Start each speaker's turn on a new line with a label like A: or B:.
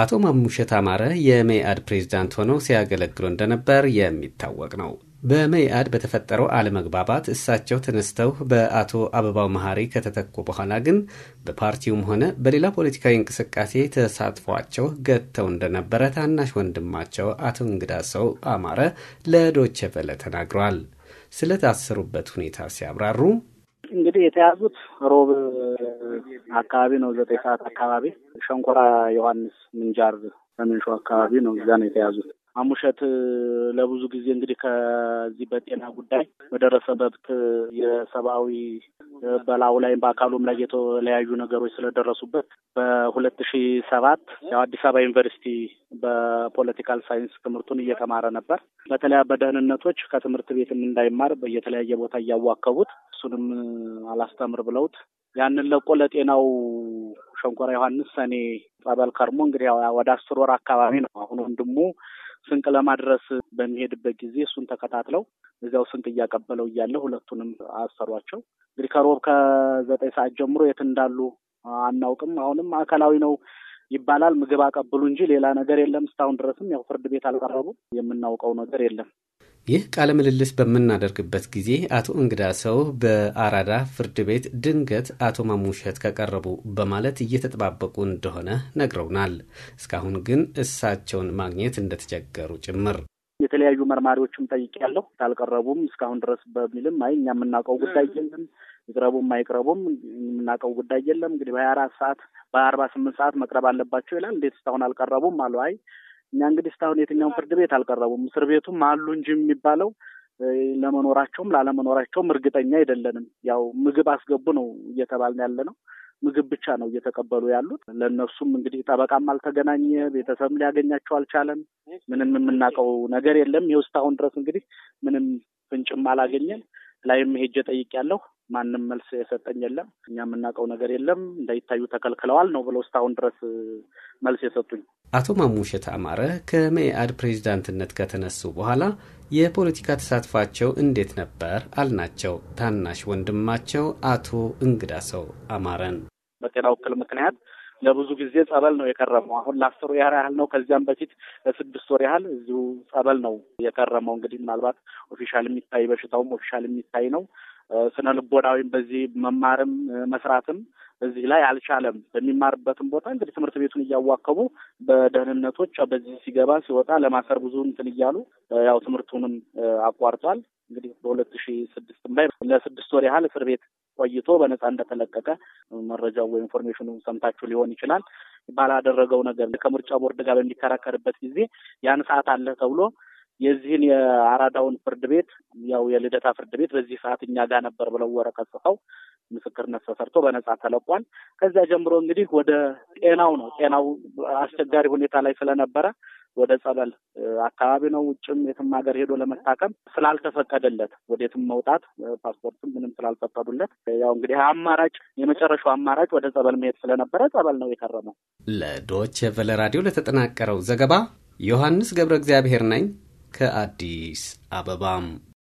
A: አቶ ማሙሸት አማረ የመኢአድ ፕሬዝዳንት ሆነው ሲያገለግሉ እንደነበር የሚታወቅ ነው። በመኢአድ በተፈጠረው አለመግባባት እሳቸው ተነስተው በአቶ አበባው መሐሪ ከተተኩ በኋላ ግን በፓርቲውም ሆነ በሌላ ፖለቲካዊ እንቅስቃሴ ተሳትፏቸው ገጥተው እንደነበረ ታናሽ ወንድማቸው አቶ እንግዳ ሰው አማረ ለዶቼ ቬለ ተናግረዋል። ስለታሰሩበት ሁኔታ ሲያብራሩ
B: እንግዲህ የተያዙት ሮብ አካባቢ ነው፣ ዘጠኝ ሰዓት አካባቢ ሸንኮራ ዮሐንስ ምንጃር ሰሜን ሸዋ አካባቢ ነው። እዛ ነው የተያዙት። አሙሸት ለብዙ ጊዜ እንግዲህ ከዚህ በጤና ጉዳይ በደረሰበት የሰብአዊ በላዩ ላይ በአካሉም ላይ የተለያዩ ነገሮች ስለደረሱበት በሁለት ሺ ሰባት ያው አዲስ አበባ ዩኒቨርሲቲ በፖለቲካል ሳይንስ ትምህርቱን እየተማረ ነበር። በተለያ በደህንነቶች ከትምህርት ቤትም እንዳይማር በየተለያየ ቦታ እያዋከቡት እሱንም አላስተምር ብለውት ያንን ለቆ ለጤናው ሸንኮራ ዮሐንስ ሰኔ ጸበል ከርሞ እንግዲህ ወደ አስር ወር አካባቢ ነው። አሁን ወንድሙ ስንቅ ለማድረስ በሚሄድበት ጊዜ እሱን ተከታትለው እዚያው ስንቅ እያቀበለው እያለ ሁለቱንም አሰሯቸው። እንግዲህ ከሮብ ከዘጠኝ ሰዓት ጀምሮ የት እንዳሉ አናውቅም። አሁንም ማዕከላዊ ነው ይባላል። ምግብ አቀብሉ እንጂ ሌላ ነገር የለም። እስካሁን ድረስም ያው ፍርድ ቤት አልቀረቡም። የምናውቀው ነገር የለም።
A: ይህ ቃለ ምልልስ በምናደርግበት ጊዜ አቶ እንግዳ ሰው በአራዳ ፍርድ ቤት ድንገት አቶ ማሙሸት ከቀረቡ በማለት እየተጠባበቁ እንደሆነ ነግረውናል። እስካሁን ግን እሳቸውን ማግኘት እንደተቸገሩ ጭምር
B: የተለያዩ መርማሪዎችም ጠይቄያለሁ። አልቀረቡም እስካሁን ድረስ በሚልም አይ እኛ የምናውቀው ጉዳይ የለም ይቅረቡም አይቅረቡም የምናውቀው ጉዳይ የለም። እንግዲህ በሀያ አራት ሰዓት በአርባ ስምንት ሰዓት መቅረብ አለባቸው ይላል። እንዴት እስካሁን አልቀረቡም አሉ። አይ እኛ እንግዲህ እስካሁን የትኛውን ፍርድ ቤት አልቀረቡም። እስር ቤቱም አሉ እንጂ የሚባለው ለመኖራቸውም ላለመኖራቸውም እርግጠኛ አይደለንም። ያው ምግብ አስገቡ ነው እየተባልን ያለ ነው። ምግብ ብቻ ነው እየተቀበሉ ያሉት። ለእነሱም እንግዲህ ጠበቃም አልተገናኘ፣ ቤተሰብም ሊያገኛቸው አልቻለም። ምንም የምናውቀው ነገር የለም። ይኸው እስካሁን ድረስ እንግዲህ ምንም ፍንጭም አላገኘን። ላይም ሄጄ ጠይቄያለሁ። ማንም መልስ የሰጠኝ የለም። እኛ የምናውቀው ነገር የለም። እንዳይታዩ ተከልክለዋል ነው ብለው እስካሁን ድረስ መልስ የሰጡኝ።
A: አቶ ማሙሸት አማረ ከመኢአድ ፕሬዚዳንትነት ከተነሱ በኋላ የፖለቲካ ተሳትፏቸው እንዴት ነበር አልናቸው። ታናሽ ወንድማቸው አቶ እንግዳ ሰው አማረን
B: በጤና ውክል ምክንያት ለብዙ ጊዜ ጸበል ነው የከረመው። አሁን ለአስር ወር ያህል ነው። ከዚያም በፊት ለስድስት ወር ያህል እዚሁ ጸበል ነው የከረመው። እንግዲህ ምናልባት ኦፊሻል የሚታይ በሽታውም ኦፊሻል የሚታይ ነው። ስነ ልቦናዊም በዚህ መማርም መስራትም እዚህ ላይ አልቻለም። በሚማርበትም ቦታ እንግዲህ ትምህርት ቤቱን እያዋከቡ በደህንነቶች በዚህ ሲገባ ሲወጣ ለማሰር ብዙ እንትን እያሉ ያው ትምህርቱንም አቋርጧል። እንግዲህ በሁለት ሺ ስድስትም ላይ ለስድስት ወር ያህል እስር ቤት ቆይቶ በነፃ እንደተለቀቀ መረጃው ወይ ኢንፎርሜሽኑ ሰምታችሁ ሊሆን ይችላል። ባላደረገው ነገር ከምርጫ ቦርድ ጋር በሚከራከርበት ጊዜ ያን ሰዓት አለ ተብሎ የዚህን የአራዳውን ፍርድ ቤት ያው የልደታ ፍርድ ቤት በዚህ ሰዓት እኛ ጋር ነበር ብለው ወረቀት ጽፈው ምስክርነት ተሰርቶ በነጻ ተለቋል። ከዚያ ጀምሮ እንግዲህ ወደ ጤናው ነው። ጤናው አስቸጋሪ ሁኔታ ላይ ስለነበረ ወደ ጸበል አካባቢ ነው። ውጭም የትም ሀገር ሄዶ ለመታከም ስላልተፈቀደለት ወደየትም መውጣት ፓስፖርትም ምንም ስላልፈቀዱለት ያው እንግዲህ አማራጭ የመጨረሻው አማራጭ ወደ ጸበል መሄድ ስለነበረ ጸበል ነው የከረመው።
A: ለዶች ቨለ ራዲዮ ለተጠናቀረው ዘገባ ዮሐንስ ገብረ እግዚአብሔር ነኝ። ከአዲስ አበባም